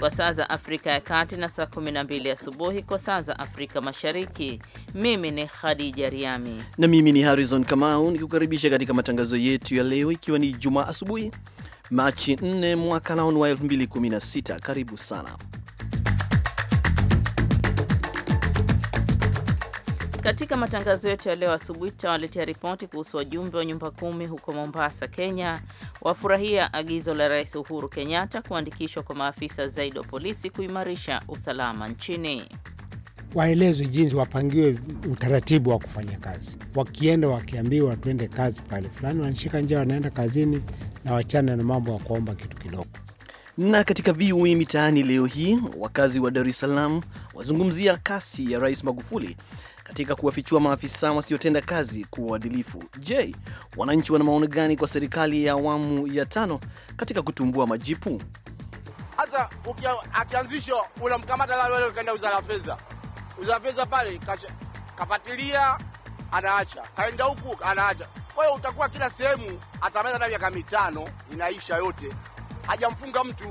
kwa saa za Afrika ya Kati na saa 12 asubuhi kwa saa za Afrika Mashariki. Mimi ni Khadija Riami na mimi ni Harrison Kamau nikukaribisha katika matangazo yetu ya leo, ikiwa ni Jumaa asubuhi Machi 4 mwaka naon wa 2016. Karibu sana Katika matangazo yetu ya leo asubuhi tutawaletea ripoti kuhusu wajumbe wa nyumba kumi huko Mombasa, Kenya wafurahia agizo la Rais Uhuru Kenyatta kuandikishwa kwa maafisa zaidi wa polisi kuimarisha usalama nchini. Waelezwe jinsi, wapangiwe utaratibu wa kufanya kazi. Wakienda wakiambiwa tuende kazi pale fulani, wanashika njia, wanaenda kazini na wachana na mambo ya kuomba kitu kidogo. Na katika VOA e Mitaani leo hii, wakazi wa Dar es Salaam wazungumzia kasi ya Rais Magufuli katika kuwafichua maafisa wasiotenda kazi kwa uadilifu. Je, wananchi wana maoni gani kwa serikali ya awamu ya tano katika kutumbua majipu? hasa akianzishwa unamkamata lalo, kaenda wizara ya fedha, wizara ya fedha pale kafatilia anaacha kaenda huku anaacha. Kwa hiyo utakuwa kila sehemu atamaliza na miaka mitano inaisha yote, hajamfunga mtu.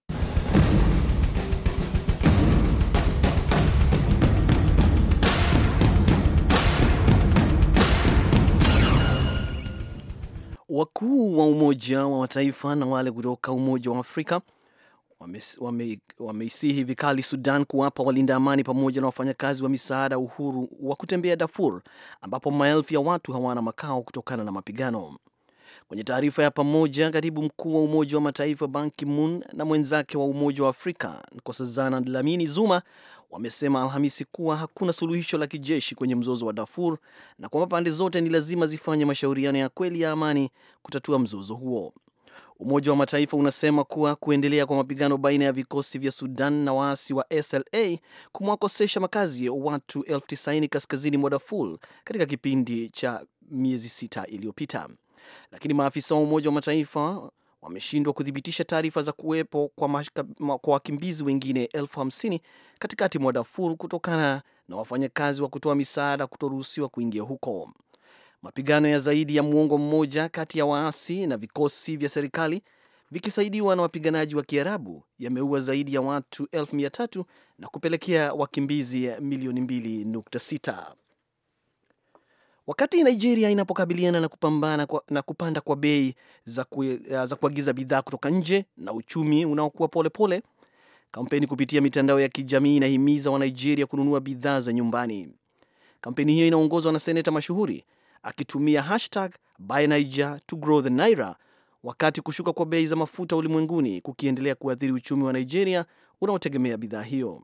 Wakuu wa Umoja wa Mataifa na wale kutoka Umoja wa Afrika wameisihi wame, wame vikali Sudan kuwapa walinda amani pamoja na wafanyakazi wa misaada uhuru wa kutembea Darfur ambapo maelfu ya watu hawana makao kutokana na mapigano. Kwenye taarifa ya pamoja, katibu mkuu wa Umoja wa Mataifa Ban Ki-moon na mwenzake wa Umoja wa Afrika Nkosazana Dlamini Zuma wamesema Alhamisi kuwa hakuna suluhisho la kijeshi kwenye mzozo wa Darfur na kwamba pande zote ni lazima zifanye mashauriano ya kweli ya amani kutatua mzozo huo. Umoja wa Mataifa unasema kuwa kuendelea kwa mapigano baina ya vikosi vya Sudan na waasi wa SLA kumewakosesha makazi watu elfu tisini kaskazini mwa Darfur katika kipindi cha miezi sita iliyopita lakini maafisa wa Umoja wa Mataifa wameshindwa kuthibitisha taarifa za kuwepo kwa, kwa wakimbizi wengine elfu hamsini katikati mwa Darfur kutokana na wafanyakazi wa kutoa misaada kutoruhusiwa kuingia huko. Mapigano ya zaidi ya muongo mmoja kati ya waasi na vikosi vya serikali vikisaidiwa na wapiganaji wa Kiarabu yameua zaidi ya watu elfu mia tatu na kupelekea wakimbizi milioni 2.6. Wakati Nigeria inapokabiliana na kupambana kwa, na kupanda kwa bei za, ku, eh, za kuagiza bidhaa kutoka nje na uchumi unaokuwa polepole, kampeni kupitia mitandao ya kijamii inahimiza Wanigeria kununua bidhaa za nyumbani. Kampeni hiyo inaongozwa na seneta mashuhuri akitumia hashtag Buy Niger to grow the Naira, wakati kushuka kwa bei za mafuta ulimwenguni kukiendelea kuathiri uchumi wa Nigeria unaotegemea bidhaa hiyo.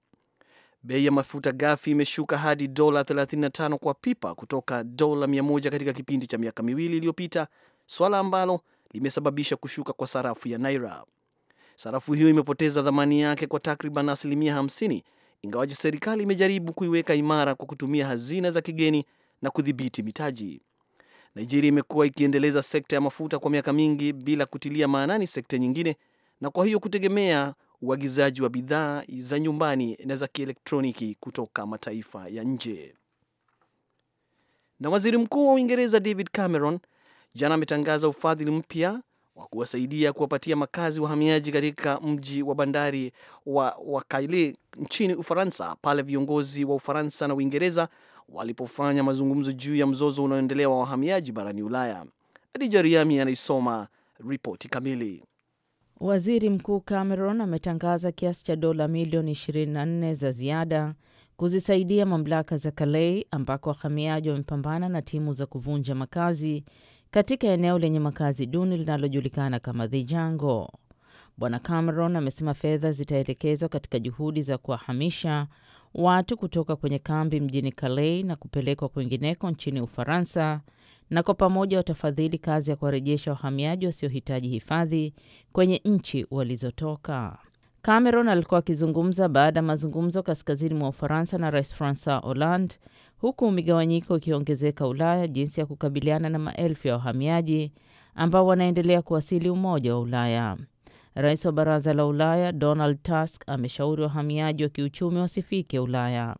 Bei ya mafuta ghafi imeshuka hadi dola 35 kwa pipa kutoka dola 100 katika kipindi cha miaka miwili iliyopita, swala ambalo limesababisha kushuka kwa sarafu ya naira. Sarafu hiyo imepoteza thamani yake kwa takriban asilimia 50, ingawaji serikali imejaribu kuiweka imara kwa kutumia hazina za kigeni na kudhibiti mitaji. Nigeria imekuwa ikiendeleza sekta ya mafuta kwa miaka mingi bila kutilia maanani sekta nyingine, na kwa hiyo kutegemea uagizaji wa bidhaa za nyumbani na za kielektroniki kutoka mataifa ya nje. Na waziri mkuu wa Uingereza David Cameron jana ametangaza ufadhili mpya wa kuwasaidia kuwapatia makazi wahamiaji katika mji wa bandari wa, wa nchini Ufaransa pale viongozi wa Ufaransa na Uingereza walipofanya mazungumzo juu ya mzozo unaoendelea wa wahamiaji barani Ulaya. Adija Riami anaisoma ripoti kamili. Waziri Mkuu Cameron ametangaza kiasi cha dola milioni 24 za ziada kuzisaidia mamlaka za Kalei ambako wahamiaji wamepambana na timu za kuvunja makazi katika eneo lenye makazi duni linalojulikana kama The Jungle. Bwana Cameron amesema fedha zitaelekezwa katika juhudi za kuwahamisha watu kutoka kwenye kambi mjini Calais na kupelekwa kwingineko nchini Ufaransa na kwa pamoja watafadhili kazi ya kuwarejesha wahamiaji wasiohitaji hifadhi kwenye nchi walizotoka. Cameron alikuwa akizungumza baada ya mazungumzo kaskazini mwa Ufaransa na Rais Francois Hollande, huku migawanyiko ikiongezeka Ulaya jinsi ya kukabiliana na maelfu ya wahamiaji ambao wanaendelea kuwasili Umoja wa Ulaya. Rais wa Baraza la Ulaya Donald Tusk ameshauri wahamiaji wa kiuchumi wasifike Ulaya.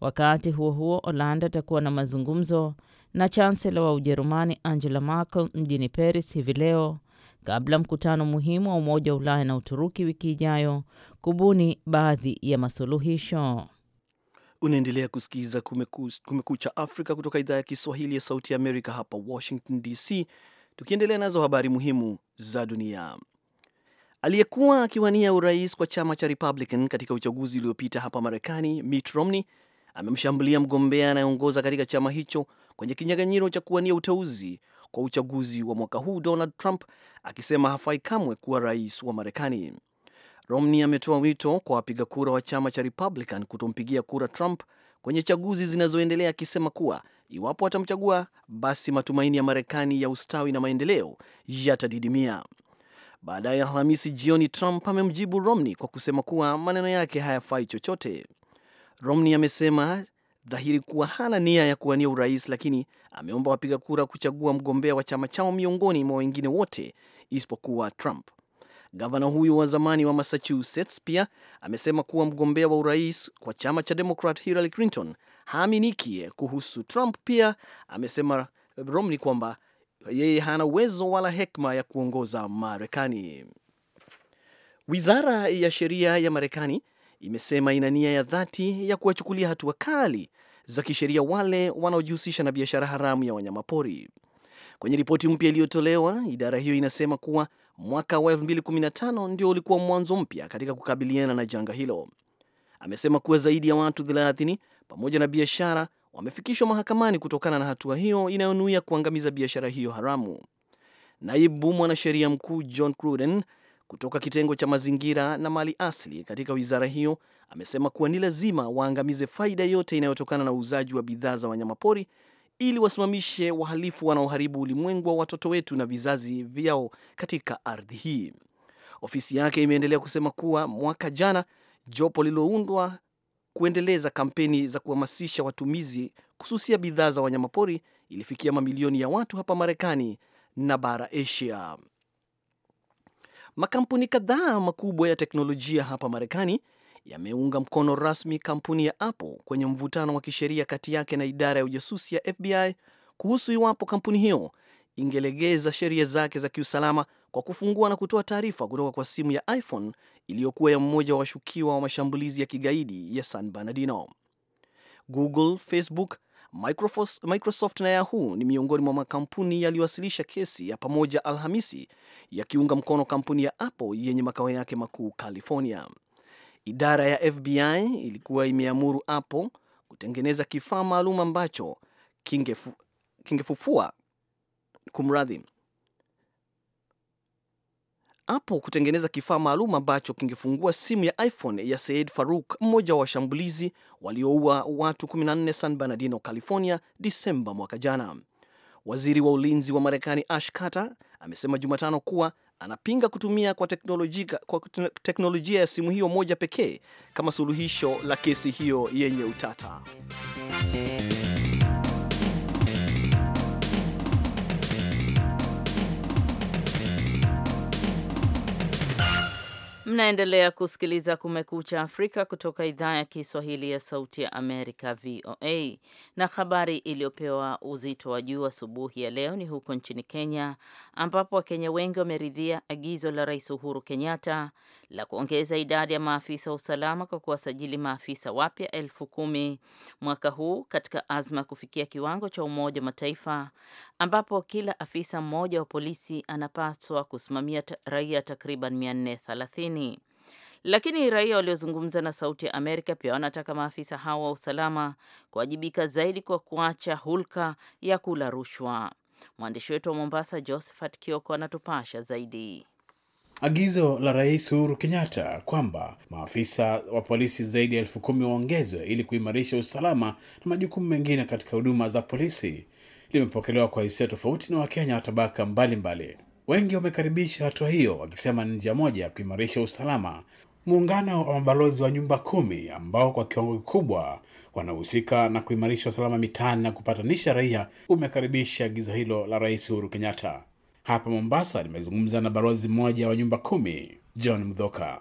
Wakati huo huo, Hollande atakuwa na mazungumzo na chansela wa Ujerumani Angela Merkel mjini Paris hivi leo kabla mkutano muhimu wa Umoja wa Ulaya na Uturuki wiki ijayo kubuni baadhi ya masuluhisho. Unaendelea kusikiliza Kumekucha Afrika kutoka idhaa ya Kiswahili ya Sauti ya Amerika hapa Washington DC, tukiendelea nazo habari muhimu za dunia. Aliyekuwa akiwania urais kwa chama cha Republican katika uchaguzi uliopita hapa Marekani, Mitt Romney amemshambulia mgombea anayeongoza katika chama hicho kwenye kinyang'anyiro cha kuwania uteuzi kwa uchaguzi wa mwaka huu, Donald Trump akisema hafai kamwe kuwa rais wa Marekani. Romney ametoa wito kwa wapiga kura wa chama cha Republican kutompigia kura Trump kwenye chaguzi zinazoendelea, akisema kuwa iwapo atamchagua, basi matumaini ya Marekani ya ustawi na maendeleo yatadidimia. Baadaye Alhamisi jioni, Trump amemjibu Romney kwa kusema kuwa maneno yake hayafai chochote. Romney amesema dhahiri kuwa hana nia ya kuwania urais, lakini ameomba wapiga kura kuchagua mgombea wa chama chao miongoni mwa wengine wote isipokuwa Trump. Gavana huyu wa zamani wa Massachusetts pia amesema kuwa mgombea wa urais kwa chama cha Demokrat Hillary Clinton haaminiki. Kuhusu Trump pia amesema Romney kwamba yeye hana uwezo wala hekima ya kuongoza Marekani. Wizara ya sheria ya Marekani imesema ina nia ya dhati ya kuwachukulia hatua kali za kisheria wale wanaojihusisha na biashara haramu ya wanyamapori. Kwenye ripoti mpya iliyotolewa, idara hiyo inasema kuwa mwaka wa 2015 ndio ulikuwa mwanzo mpya katika kukabiliana na janga hilo. Amesema kuwa zaidi ya watu 30 pamoja na biashara wamefikishwa mahakamani kutokana na hatua hiyo inayonuia kuangamiza biashara hiyo haramu. Naibu mwanasheria mkuu John Cruden kutoka kitengo cha mazingira na mali asili katika wizara hiyo amesema kuwa ni lazima waangamize faida yote inayotokana na uuzaji wa bidhaa za wanyamapori ili wasimamishe wahalifu wanaoharibu ulimwengu wa watoto wetu na vizazi vyao katika ardhi hii. Ofisi yake imeendelea kusema kuwa mwaka jana jopo lililoundwa kuendeleza kampeni za kuhamasisha watumizi kususia bidhaa za wanyamapori ilifikia mamilioni ya watu hapa Marekani na bara Asia. Makampuni kadhaa makubwa ya teknolojia hapa Marekani yameunga mkono rasmi kampuni ya Apple kwenye mvutano wa kisheria kati yake na idara ya ujasusi ya FBI kuhusu iwapo kampuni hiyo ingelegeza sheria zake za kiusalama kwa kufungua na kutoa taarifa kutoka kwa simu ya iPhone iliyokuwa ya mmoja wa washukiwa wa mashambulizi ya kigaidi ya San Bernardino. Google, Facebook Microsoft na Yahoo ni miongoni mwa makampuni yaliyowasilisha kesi ya pamoja Alhamisi yakiunga mkono kampuni ya Apple yenye makao yake makuu California. Idara ya FBI ilikuwa imeamuru Apple kutengeneza kifaa maalum ambacho kingefufua kumradhi, Apple kutengeneza kifaa maalum ambacho kingefungua simu ya iPhone ya Said faruk mmoja wa washambulizi walioua watu 14 San Bernardino, California, Disemba mwaka jana. Waziri wa ulinzi wa Marekani Ash Carter amesema Jumatano kuwa anapinga kutumia kwa teknolojia, kwa teknolojia ya simu hiyo moja pekee kama suluhisho la kesi hiyo yenye utata. Mnaendelea kusikiliza Kumekucha Afrika kutoka idhaa ya Kiswahili ya Sauti ya Amerika, VOA. Na habari iliyopewa uzito wa juu asubuhi ya leo ni huko nchini Kenya, ambapo Wakenya wengi wameridhia agizo la Rais Uhuru Kenyatta la kuongeza idadi ya maafisa wa usalama kwa kuwasajili maafisa wapya elfu kumi mwaka huu katika azma ya kufikia kiwango cha Umoja wa Mataifa, ambapo kila afisa mmoja wa polisi anapaswa kusimamia raia takriban 430 lakini raia waliozungumza na Sauti ya Amerika pia wanataka maafisa hao wa usalama kuwajibika zaidi kwa kuacha hulka ya kula rushwa. Mwandishi wetu wa Mombasa, Josephat Kioko, anatupasha zaidi. Agizo la Rais Uhuru Kenyatta kwamba maafisa wa polisi zaidi ya elfu kumi waongezwe ili kuimarisha usalama na majukumu mengine katika huduma za polisi limepokelewa kwa hisia tofauti na Wakenya wa tabaka mbalimbali. Wengi wamekaribisha hatua hiyo, wakisema ni njia moja ya kuimarisha usalama muungano wa mabalozi wa nyumba kumi ambao kwa kiwango kikubwa wanahusika na kuimarisha usalama mitaani na kupatanisha raia umekaribisha agizo hilo la Rais Uhuru Kenyatta. Hapa Mombasa nimezungumza na balozi mmoja wa nyumba kumi John Mdhoka.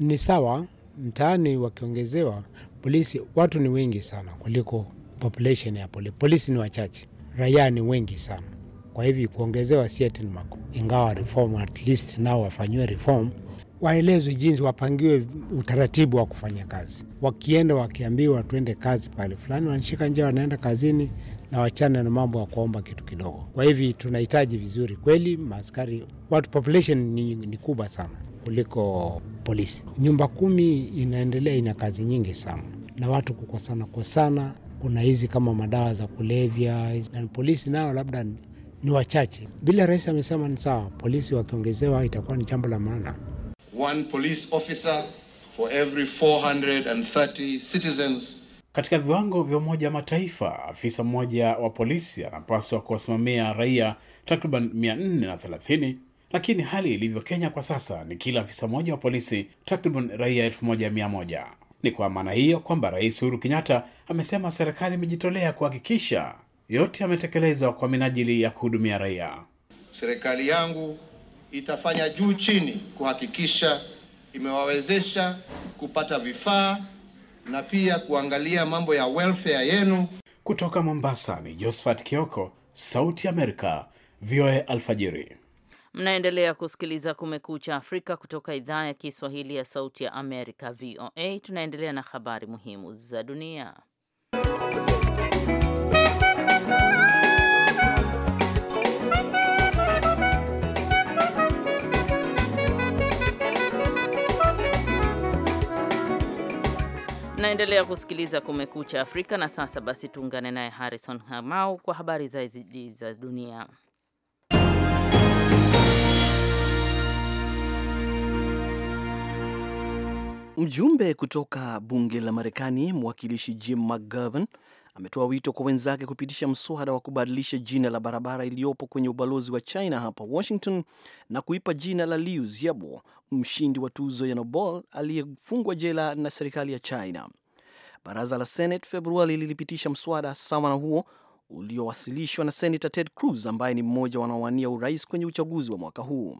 Ni sawa mtaani wakiongezewa polisi, watu ni wengi sana kuliko population ya polisi. Polisi ni wachache, raia ni wengi sana. Kwa hivi kuongezewa si ni makubwa, ingawa reform at least nao wafanyiwe reform waelezwe jinsi, wapangiwe utaratibu wa kufanya kazi. Wakienda wakiambiwa tuende kazi pale fulani, wanashika njia, wanaenda kazini na wachana na mambo ya kuomba kitu kidogo. Kwa hivi tunahitaji vizuri kweli maaskari, watu population ni, ni kubwa sana kuliko polisi. Nyumba kumi inaendelea, ina kazi nyingi sana na watu kukosana kosana. Kuna hizi kama madawa za kulevya na polisi nao labda ni wachache. Bila rais amesema ni sawa, polisi wakiongezewa itakuwa ni jambo la maana one police officer for every 430 citizens. Katika viwango vya Umoja wa Mataifa, afisa mmoja wa polisi anapaswa kuwasimamia raia takriban 430, lakini hali ilivyo Kenya kwa sasa ni kila afisa mmoja wa polisi takriban raia 1100. Ni kwa maana hiyo kwamba Rais Uhuru Kenyatta amesema serikali imejitolea kuhakikisha yote yametekelezwa kwa minajili ya kuhudumia raia. Serikali yangu itafanya juu chini kuhakikisha imewawezesha kupata vifaa na pia kuangalia mambo ya welfare yenu. Kutoka Mombasa ni Josephat Kioko, Sauti Amerika, VOA Alfajiri. Mnaendelea kusikiliza Kumekucha Afrika kutoka idhaa ya Kiswahili ya Sauti ya Amerika, VOA. Tunaendelea na habari muhimu za dunia. naendelea kusikiliza Kumekucha Afrika, na sasa basi tuungane naye Harrison Hamau kwa habari zaidi za dunia. Mjumbe kutoka bunge la Marekani, mwakilishi Jim McGovern ametoa wito kwa wenzake kupitisha mswada wa kubadilisha jina la barabara iliyopo kwenye ubalozi wa China hapa Washington na kuipa jina la Liu Xiaobo, mshindi wa tuzo ya Nobel aliyefungwa jela na serikali ya China. Baraza la Senate Februari lilipitisha mswada sawa na huo uliowasilishwa na senata Ted Cruz ambaye ni mmoja wanaowania urais kwenye uchaguzi wa mwaka huu.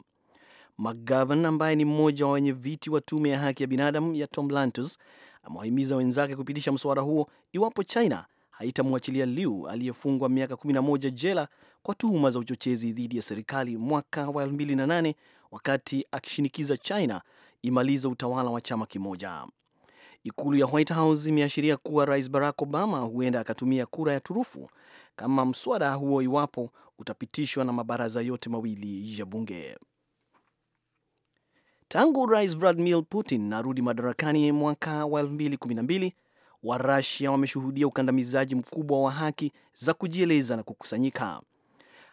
McGovern ambaye ni mmoja wa wenye viti wa tume ya haki ya binadamu ya Tom Lantos amewahimiza wenzake kupitisha mswada huo iwapo China haitamwachilia Liu aliyefungwa miaka 11 jela kwa tuhuma za uchochezi dhidi ya serikali mwaka wa 2008 wakati akishinikiza China imaliza utawala wa chama kimoja. Ikulu ya White House imeashiria kuwa Rais Barack Obama huenda akatumia kura ya turufu kama mswada huo iwapo utapitishwa na mabaraza yote mawili ya bunge. Tangu Rais Vladimir Putin arudi madarakani mwaka wa 2012 wa rasia wameshuhudia ukandamizaji mkubwa wa haki za kujieleza na kukusanyika.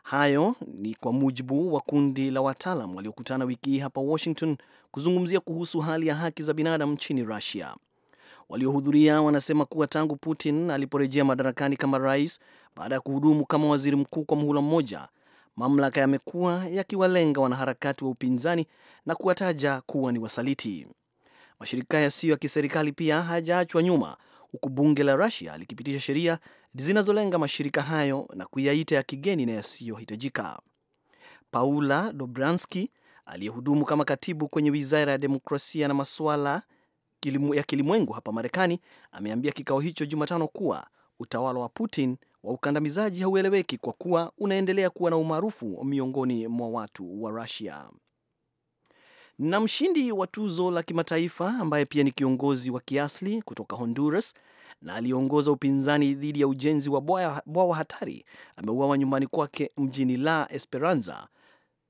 Hayo ni kwa mujibu wa kundi la wataalam waliokutana wiki hii hapa Washington kuzungumzia kuhusu hali ya haki za binadamu nchini rusia Waliohudhuria wanasema kuwa tangu Putin aliporejea madarakani kama rais baada ya kuhudumu kama waziri mkuu kwa muhula mmoja, mamlaka yamekuwa yakiwalenga wanaharakati wa upinzani na kuwataja kuwa ni wasaliti. Mashirika yasiyo ya kiserikali pia hajaachwa nyuma huku bunge la Rusia likipitisha sheria zinazolenga mashirika hayo na kuyaita ya kigeni na yasiyohitajika. Paula Dobranski aliyehudumu kama katibu kwenye wizara ya demokrasia na masuala ya kilimwengu hapa Marekani ameambia kikao hicho Jumatano kuwa utawala wa Putin wa ukandamizaji haueleweki kwa kuwa unaendelea kuwa na umaarufu miongoni mwa watu wa Rusia na mshindi wa tuzo la kimataifa ambaye pia ni kiongozi wa kiasli kutoka Honduras na aliongoza upinzani dhidi ya ujenzi wa bwawa hatari ameuawa nyumbani kwake mjini La Esperanza.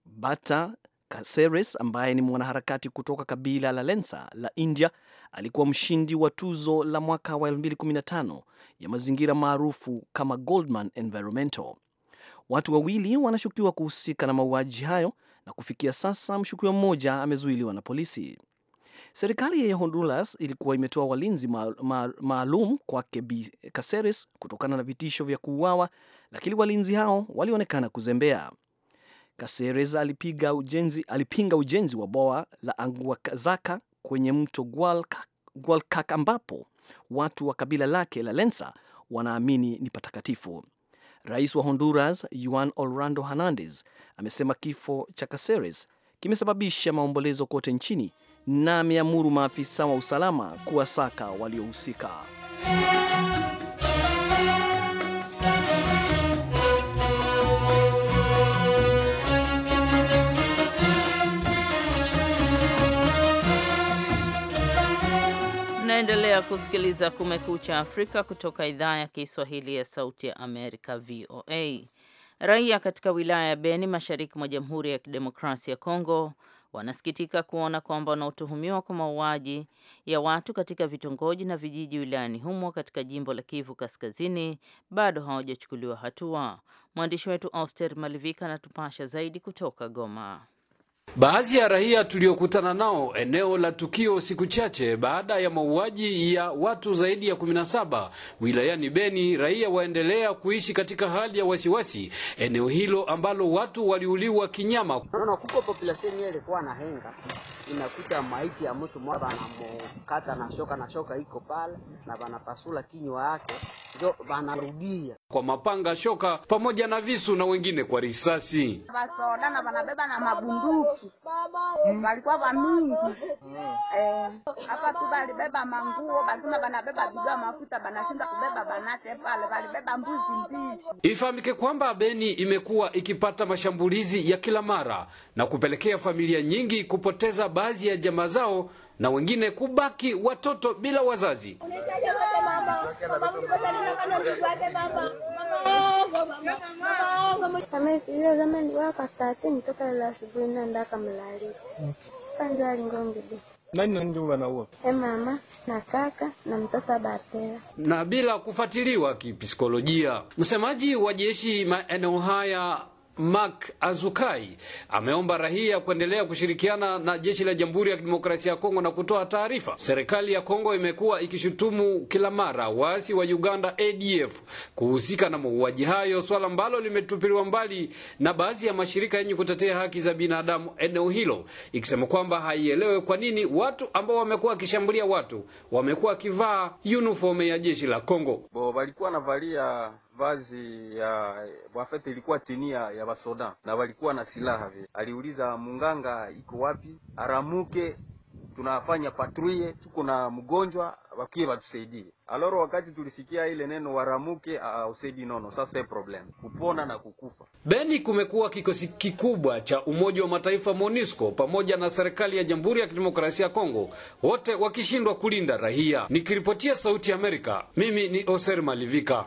Bata Caceres ambaye ni mwanaharakati kutoka kabila la lensa la India alikuwa mshindi wa tuzo la mwaka wa 2015 ya mazingira maarufu kama Goldman Environmental. Watu wawili wanashukiwa kuhusika na mauaji hayo na kufikia sasa mshukiwa mmoja amezuiliwa na polisi. Serikali ya Honduras ilikuwa imetoa walinzi maalum kwake Bi Caceres kutokana na vitisho vya kuuawa, lakini walinzi hao walionekana kuzembea. Caceres alipiga ujenzi, alipinga ujenzi wa boa la Anguazaka kwenye mto Gualkak ambapo watu wa kabila lake la Lensa wanaamini ni patakatifu. Rais wa Honduras Juan Orlando Hernandez amesema kifo cha Caceres kimesababisha maombolezo kote nchini na ameamuru maafisa wa usalama kuwasaka waliohusika. Naendelea kusikiliza Kumekucha Afrika kutoka idhaa ya Kiswahili ya Sauti ya Amerika, VOA. Raia katika wilaya ya Beni, mashariki mwa Jamhuri ya Kidemokrasia ya Kongo, wanasikitika kuona kwamba wanaotuhumiwa kwa mauaji ya watu katika vitongoji na vijiji wilayani humo katika jimbo la Kivu Kaskazini bado hawajachukuliwa hatua. Mwandishi wetu Auster Malivika anatupasha zaidi kutoka Goma. Baadhi ya raia tuliokutana nao eneo la tukio siku chache baada ya mauaji ya watu zaidi ya 17 wilayani Beni, raia waendelea kuishi katika hali ya wasiwasi eneo hilo ambalo watu waliuliwa kinyama. Unaona, kuko population ile ilikuwa na henga, inakuta maiti ya mtu mmoja mkata na shoka na shoka iko pale na banapasula kinywa yake ndio banarudia kwa mapanga, shoka pamoja na visu na wengine kwa risasi, basoda na banabeba na mabunduki walikuwa eh, mm. wamingi eh, hapa tu, balibeba manguo banabeba mafuta, banashinda kubeba banate pale, balibeba mbuzi mbili. Ifahamike kwamba Beni imekuwa ikipata mashambulizi ya kila mara na kupelekea familia nyingi kupoteza baadhi ya jamaa zao na wengine kubaki watoto bila wazazi. Nitoka asubuhi nenda kamlaliti kwanza alingongede nani nani ndio wanaua e eh, mama na kaka na mtoto Batela. Na bila kufuatiliwa kipsikolojia, msemaji wa jeshi maeneo haya Mark Azukai ameomba raia kuendelea kushirikiana na jeshi la Jamhuri ya Kidemokrasia ya Kongo na kutoa taarifa. Serikali ya Kongo imekuwa ikishutumu kila mara waasi wa Uganda ADF kuhusika na mauaji hayo, swala ambalo limetupiliwa mbali na baadhi ya mashirika yenye kutetea haki za binadamu eneo hilo, ikisema kwamba haielewe kwa nini watu ambao wamekuwa wakishambulia watu wamekuwa wakivaa uniform ya jeshi la Kongo. Bo, walikuwa wanavalia vazi ya Bwafete ilikuwa chini ya ya Basoda na walikuwa na silaha vile. Aliuliza munganga iko wapi, aramuke tunafanya patruye, tuko na mgonjwa wakie watusaidie. Aloro, wakati tulisikia ile neno waramuke, uh, nono, sasa problem kupona na kukufa. Beni kumekuwa kikosi kikubwa cha Umoja wa Mataifa MONUSCO pamoja na serikali ya Jamhuri ya Kidemokrasia ya Kongo, wote wakishindwa kulinda raia. Nikiripotia Sauti ya Amerika, mimi ni Oser Malivika.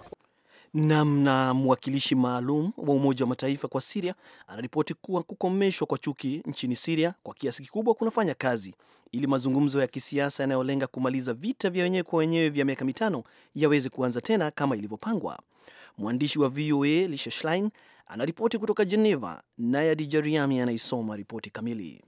Namna mwakilishi maalum wa Umoja wa Mataifa kwa Siria anaripoti kuwa kukomeshwa kwa chuki nchini Siria kwa kiasi kikubwa kunafanya kazi ili mazungumzo ya kisiasa yanayolenga kumaliza vita vya wenyewe kwa wenyewe vya miaka mitano yaweze kuanza tena kama ilivyopangwa. Mwandishi wa VOA Lisha Schlein anaripoti kutoka Geneva, naye Adijariami anaisoma ripoti kamili.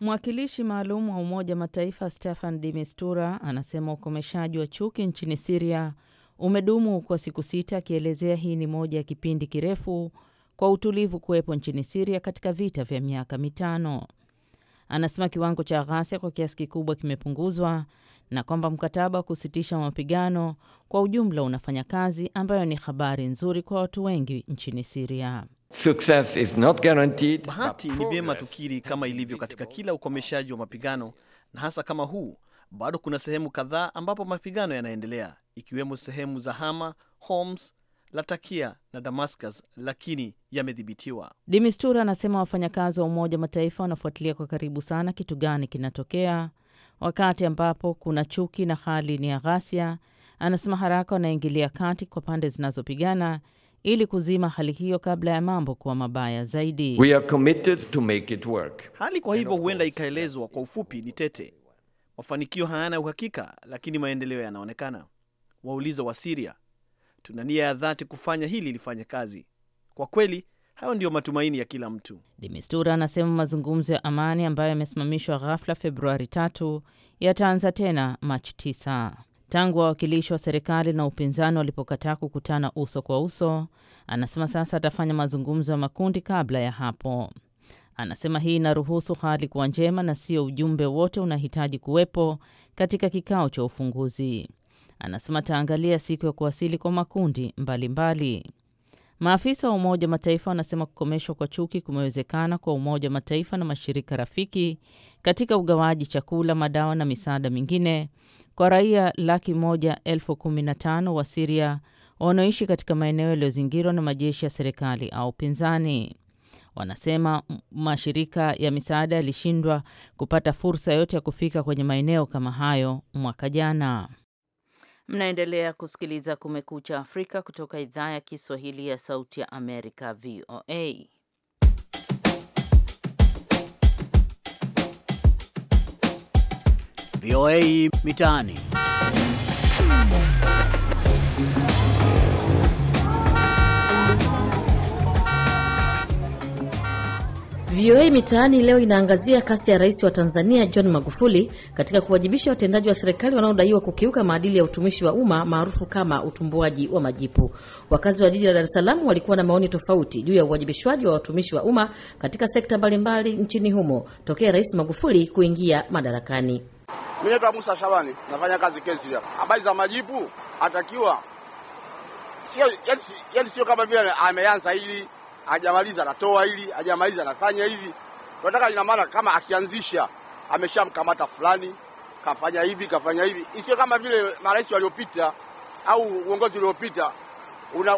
Mwakilishi maalum wa Umoja wa Mataifa stehan de Mistura anasema ukomeshaji wa chuki nchini Siria umedumu kwa siku sita, akielezea hii ni moja ya kipindi kirefu kwa utulivu kuwepo nchini Siria katika vita vya miaka mitano. Anasema kiwango cha ghasia kwa kiasi kikubwa kimepunguzwa na kwamba mkataba wa kusitisha mapigano kwa ujumla unafanya kazi, ambayo ni habari nzuri kwa watu wengi nchini Siria. Bahati ni vyema tukiri, kama ilivyo katika kila ukomeshaji wa mapigano, na hasa kama huu bado kuna sehemu kadhaa ambapo mapigano yanaendelea, ikiwemo sehemu za Hama, Homs, Latakia na Damascus, lakini yamedhibitiwa. Dimistura anasema wafanyakazi wa Umoja wa Mataifa wanafuatilia kwa karibu sana kitu gani kinatokea, wakati ambapo kuna chuki na hali ni ya ghasia. Anasema haraka wanaingilia kati kwa pande zinazopigana ili kuzima hali hiyo kabla ya mambo kuwa mabaya zaidi. We are committed to make it work. Hali kwa hivyo huenda ikaelezwa kwa ufupi ni tete, Mafanikio hayana uhakika, lakini maendeleo yanaonekana. waulizo wa Siria, tuna nia ya dhati kufanya hili lifanye kazi. Kwa kweli hayo ndiyo matumaini ya kila mtu. Dimistura anasema mazungumzo ya amani ambayo yamesimamishwa ghafla Februari tatu yataanza tena Machi tisa. Tangu wawakilishi wa serikali na upinzani walipokataa kukutana uso kwa uso, anasema sasa atafanya mazungumzo ya makundi kabla ya hapo. Anasema hii inaruhusu hali kuwa njema na sio ujumbe wote unahitaji kuwepo katika kikao cha ufunguzi. Anasema taangalia siku ya kuwasili kwa makundi mbalimbali mbali. Maafisa wa Umoja wa Mataifa wanasema kukomeshwa kwa chuki kumewezekana kwa Umoja wa Mataifa na mashirika rafiki katika ugawaji chakula, madawa na misaada mingine kwa raia laki moja elfu kumi na tano wa Siria wanaoishi katika maeneo yaliyozingirwa na majeshi ya serikali au pinzani. Wanasema mashirika ya misaada yalishindwa kupata fursa yote ya kufika kwenye maeneo kama hayo mwaka jana. Mnaendelea kusikiliza Kumekucha Afrika kutoka idhaa ya Kiswahili ya Sauti ya Amerika, VOA. VOA Mitaani. VOA Mitaani leo inaangazia kasi ya rais wa Tanzania John Magufuli katika kuwajibisha watendaji wa serikali wanaodaiwa kukiuka maadili ya utumishi wa umma maarufu kama utumbuaji wa majipu. Wakazi wa jiji la Dar es Salaam walikuwa na maoni tofauti juu ya uwajibishwaji wa watumishi wa umma katika sekta mbalimbali nchini humo tokea Rais Magufuli kuingia madarakani. Mimi naitwa Musa Shabani, nafanya kazi kesi ya habari za majipu. Atakiwa sio, yani sio kama vile ameanza hili hajamaliza anatoa hili, hajamaliza anafanya hivi. Tunataka ina maana kama akianzisha ameshamkamata fulani, kafanya hivi, kafanya hivi, isiyo kama vile marais waliopita au uongozi uliopita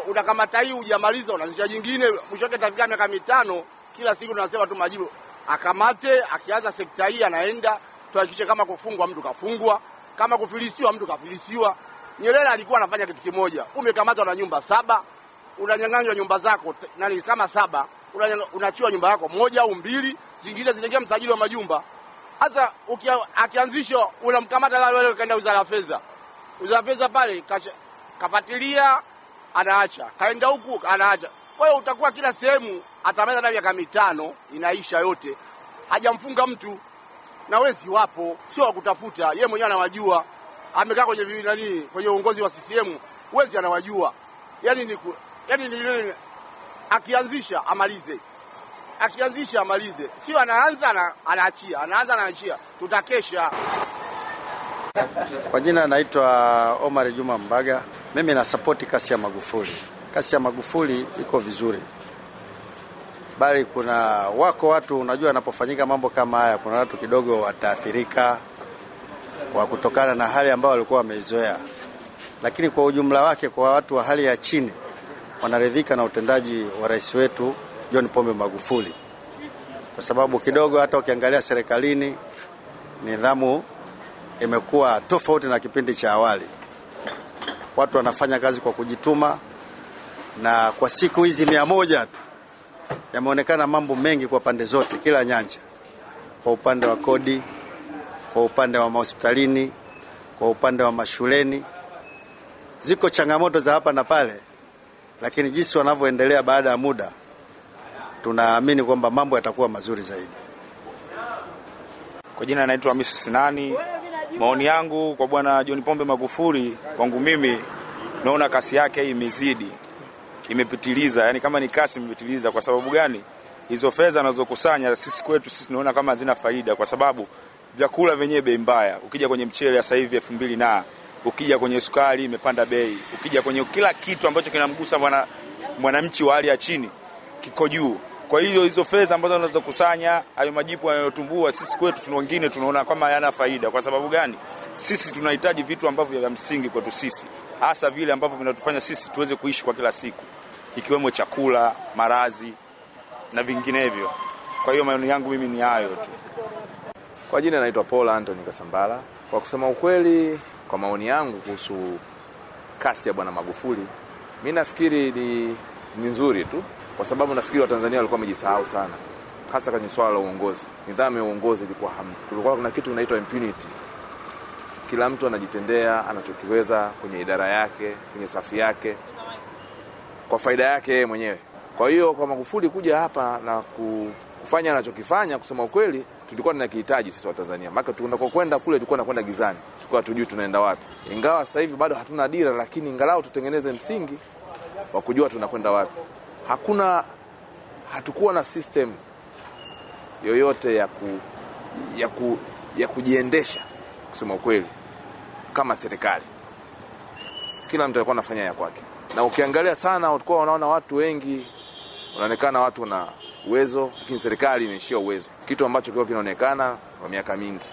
unakamata una hii hujamaliza, unaanzisha jingine, mwisho wake tafika miaka mitano, kila siku tunasema tu majibu. Akamate, akianza sekta hii anaenda, tuhakikishe kama kufungwa mtu kafungwa, kama kufilisiwa mtu kafilisiwa. Nyerere alikuwa anafanya kitu kimoja, umekamatwa na nyumba saba unanyang'anywa nyumba zako nani kama saba, unachiwa nyumba yako moja au mbili, zingine zinaingia msajili wa majumba. Sasa akianzisha unamkamata lale, kaenda wizara ya fedha. Wizara ya fedha pale kafatilia, anaacha, kaenda huku anaacha. Kwa hiyo utakuwa kila sehemu atameza na miaka mitano inaisha yote, hajamfunga mtu na wezi wapo, sio wakutafuta yeye mwenyewe anawajua. Amekaa kwenye nani, kwenye uongozi wa CCM, wezi anawajua, yaani ni yani ni akianzisha amalize, akianzisha amalize, sio anaanza na anaachia, anaanza anaachia, tutakesha. Kwa jina naitwa Omar Juma Mbaga. Mimi nasapoti kasi ya Magufuli. Kasi ya Magufuli iko vizuri, bali kuna wako watu, unajua, anapofanyika mambo kama haya, kuna watu kidogo wataathirika kwa kutokana na hali ambayo walikuwa wameizoea, lakini kwa ujumla wake, kwa watu wa hali ya chini wanaridhika na utendaji wa rais wetu John Pombe Magufuli, kwa sababu kidogo hata ukiangalia serikalini nidhamu imekuwa tofauti na kipindi cha awali. Watu wanafanya kazi kwa kujituma, na kwa siku hizi mia moja tu yameonekana mambo mengi kwa pande zote, kila nyanja, kwa upande wa kodi, kwa upande wa mahospitalini, kwa upande wa mashuleni. Ziko changamoto za hapa na pale, lakini jinsi wanavyoendelea baada ya muda, tunaamini kwamba mambo yatakuwa mazuri zaidi. Kwa jina naitwa Hamisi Sinani. Maoni yangu kwa Bwana John Pombe Magufuli, kwangu mimi naona kasi yake hii imezidi, imepitiliza. Yani kama ni kasi imepitiliza. Kwa sababu gani? Hizo fedha anazokusanya sisi kwetu sisi tunaona kama hazina faida, kwa sababu vyakula vyenyewe bei mbaya. Ukija kwenye mchele sasa hivi elfu mbili na ukija kwenye sukari imepanda bei, ukija kwenye kila kitu ambacho kinamgusa mwananchi wa hali ya chini kiko juu. Kwa hiyo hizo fedha ambazo tunazokusanya hayo majipu yanayotumbua sisi kwetu, tuna wengine tunaona kama hayana faida. Kwa sababu gani? Sisi tunahitaji vitu ambavyo vya msingi kwetu sisi, hasa vile ambavyo vinatufanya sisi tuweze kuishi kwa kila siku, ikiwemo chakula, marazi na vinginevyo. Kwa hiyo maoni yangu mimi ni hayo tu. Kwa jina naitwa Paul Anthony Kasambala. Kwa kusema ukweli, kwa maoni yangu kuhusu kasi ya Bwana Magufuli, mi nafikiri ni, ni nzuri tu, kwa sababu nafikiri Watanzania walikuwa wamejisahau sana, hasa kwenye swala la uongozi. Nidhamu ya uongozi ilikuwa hamna, kulikuwa kuna kitu kinaitwa impunity. Kila mtu anajitendea anachokiweza kwenye idara yake, kwenye safu yake, kwa faida yake yeye mwenyewe. Kwa hiyo kwa Magufuli kuja hapa na ku kufanya anachokifanya kusema ukweli tulikuwa tunakihitaji sisi Watanzania, maana tunakokwenda kule tulikuwa tunakwenda gizani, tulikuwa hatujui tunaenda wapi. Ingawa sasa hivi bado hatuna dira, lakini ingalau tutengeneze msingi wa kujua tunakwenda wapi. Hakuna, hatukuwa na system yoyote ya, ku, ya, ku, ya kujiendesha kusema ukweli kama serikali. Kila mtu alikuwa anafanya ya kwake, na ukiangalia sana ulikuwa unaona watu wengi, unaonekana watu na uwezo, lakini serikali imeishia uwezo, kitu ambacho kilikuwa kinaonekana kwa miaka mingi,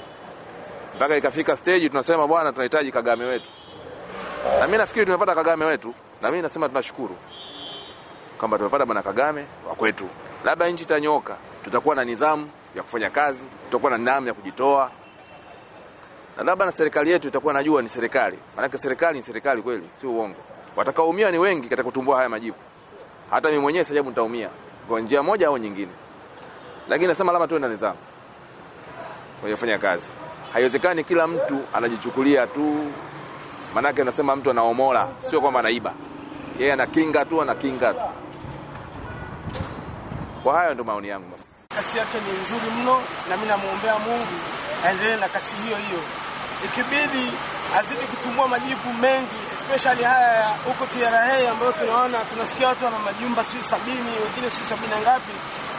mpaka ikafika stage tunasema bwana, tunahitaji Kagame wetu. Na mimi nafikiri tumepata Kagame wetu, na mimi nasema tunashukuru kwamba tumepata bwana Kagame wa kwetu. Labda nchi itanyoka, tutakuwa na nidhamu ya kufanya kazi, tutakuwa na nidhamu ya kujitoa, na labda na serikali yetu itakuwa najua ni serikali, maanake serikali ni serikali kweli, si uongo. Watakaoumia ni wengi katika kutumbua haya majibu, hata mimi mwenyewe sajabu nitaumia kwa njia moja au nyingine, lakini nasema lazima tuwe na nidhamu kwenye kufanya kazi. Haiwezekani kila mtu anajichukulia tu, maanake unasema mtu anaomola, sio kwamba anaiba yeye, anakinga tu, anakinga tu. Kwa hayo ndo maoni yangu. Kasi yake ni nzuri mno, na mimi namwombea Mungu aendelee na kasi hiyo hiyo, ikibidi azidi kutumbua majibu mengi, especially haya ya huko TRA ambayo tunaona tunasikia watu wana majumba sio sabini, wengine sio sabini na ngapi.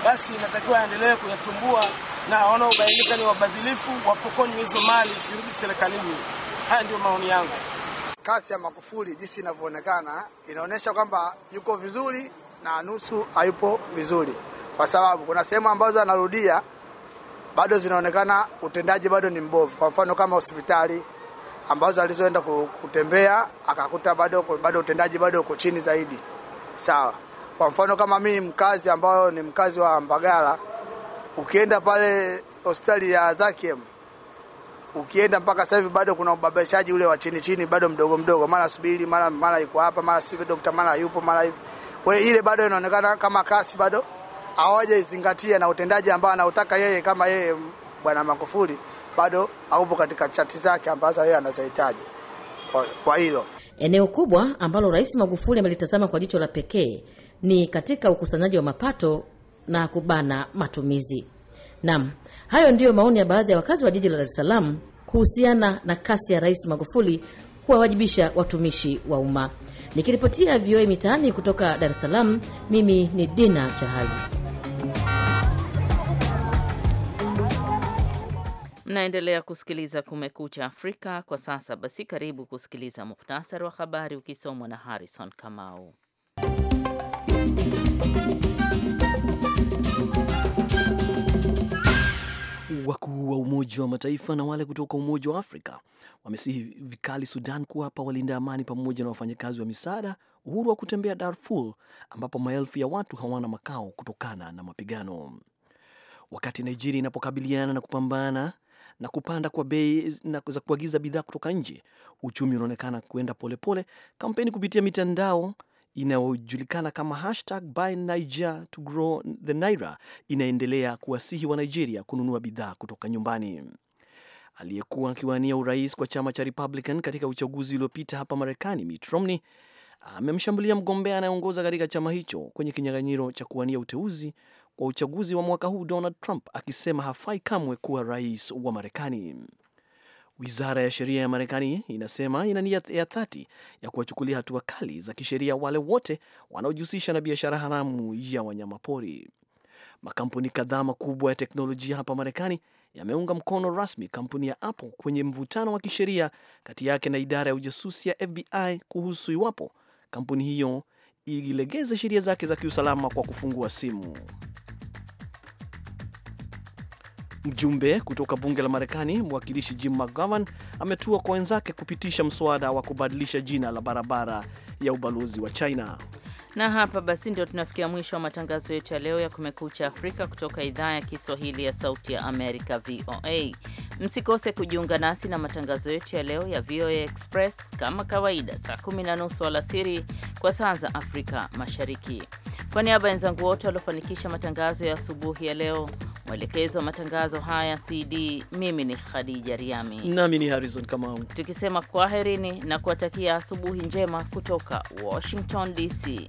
Basi inatakiwa aendelee kuyatumbua na wanaobainika ni wabadhilifu, wapokonywe hizo mali zirudi serikalini. Haya ndio maoni yangu. Kasi ya Magufuli jinsi inavyoonekana inaonyesha kwamba yuko vizuri na nusu hayupo vizuri, kwa sababu kuna sehemu ambazo anarudia bado zinaonekana utendaji bado ni mbovu, kwa mfano kama hospitali ambazo alizoenda kutembea akakuta bado bado utendaji bado uko chini zaidi. Sawa, kwa mfano kama mimi mkazi ambayo ni mkazi wa Mbagala, ukienda pale hospitali ya Zakiem ukienda mpaka sasa hivi bado kuna ubabishaji ule wa chini chini, bado mdogo mdogo, mara subiri, mara mara iko hapa, mara sivyo daktari, mara yupo, mara hivi. Kwa hiyo ile bado inaonekana kama kasi bado hawajaizingatia na utendaji ambao anautaka yeye kama yeye Bwana Magufuli bado haupo katika chati zake ambazo yeye anazihitaji kwa hilo. Eneo kubwa ambalo Rais Magufuli amelitazama kwa jicho la pekee ni katika ukusanyaji wa mapato na kubana matumizi. nam hayo ndiyo maoni ya baadhi ya wakazi wa jiji la dares es Salaam kuhusiana na kasi ya Rais Magufuli kuwawajibisha watumishi wa umma. Nikiripotia VOA Mitaani kutoka dares salam Salaam, mimi ni Dina Chahali. Mnaendelea kusikiliza Kumekucha Afrika kwa sasa. Basi karibu kusikiliza muhtasari wa habari ukisomwa na Harrison Kamau. Wakuu wa Umoja wa Mataifa na wale kutoka Umoja wa Afrika wamesihi vikali Sudan kuwapa walinda amani pamoja na wafanyakazi wa misaada uhuru wa kutembea Darfur, ambapo maelfu ya watu hawana makao kutokana na mapigano. Wakati Nigeria inapokabiliana na kupambana na kupanda kwa bei za kuagiza bidhaa kutoka nje, uchumi unaonekana kuenda polepole. Kampeni kupitia mitandao inayojulikana kama hashtag buy Niger to grow the naira inaendelea kuwasihi wa Nigeria kununua bidhaa kutoka nyumbani. Aliyekuwa akiwania urais kwa chama cha Republican katika uchaguzi uliopita hapa Marekani, Mitt Romney amemshambulia mgombea anayeongoza katika chama hicho kwenye kinyang'anyiro cha kuwania uteuzi wa uchaguzi wa mwaka huu, Donald Trump akisema hafai kamwe kuwa rais wa Marekani. Wizara ya sheria ya Marekani inasema ina nia ya dhati ya kuwachukulia hatua kali za kisheria wale wote wanaojihusisha na biashara haramu ya wanyamapori. Makampuni kadhaa makubwa ya teknolojia hapa Marekani yameunga mkono rasmi kampuni ya Apple kwenye mvutano wa kisheria kati yake na idara ya ujasusi ya FBI kuhusu iwapo kampuni hiyo ilegeze sheria zake za kiusalama kwa kufungua simu. Mjumbe kutoka bunge la Marekani, mwakilishi Jim McGovern ametua kwa wenzake kupitisha mswada wa kubadilisha jina la barabara ya ubalozi wa China. Na hapa basi ndio tunafikia mwisho wa matangazo yetu ya leo ya Kumekucha Afrika kutoka idhaa ya Kiswahili ya Sauti ya Amerika, VOA. Msikose kujiunga nasi na matangazo yetu ya leo ya VOA Express kama kawaida, saa kumi na nusu alasiri kwa saa za Afrika Mashariki. Kwa niaba ya wenzangu wote waliofanikisha matangazo ya asubuhi ya leo Mwelekezo wa matangazo haya CD, mimi ni Khadija Riami nami ni Harrison Kamau, tukisema kwaherini na kuwatakia asubuhi njema kutoka Washington DC.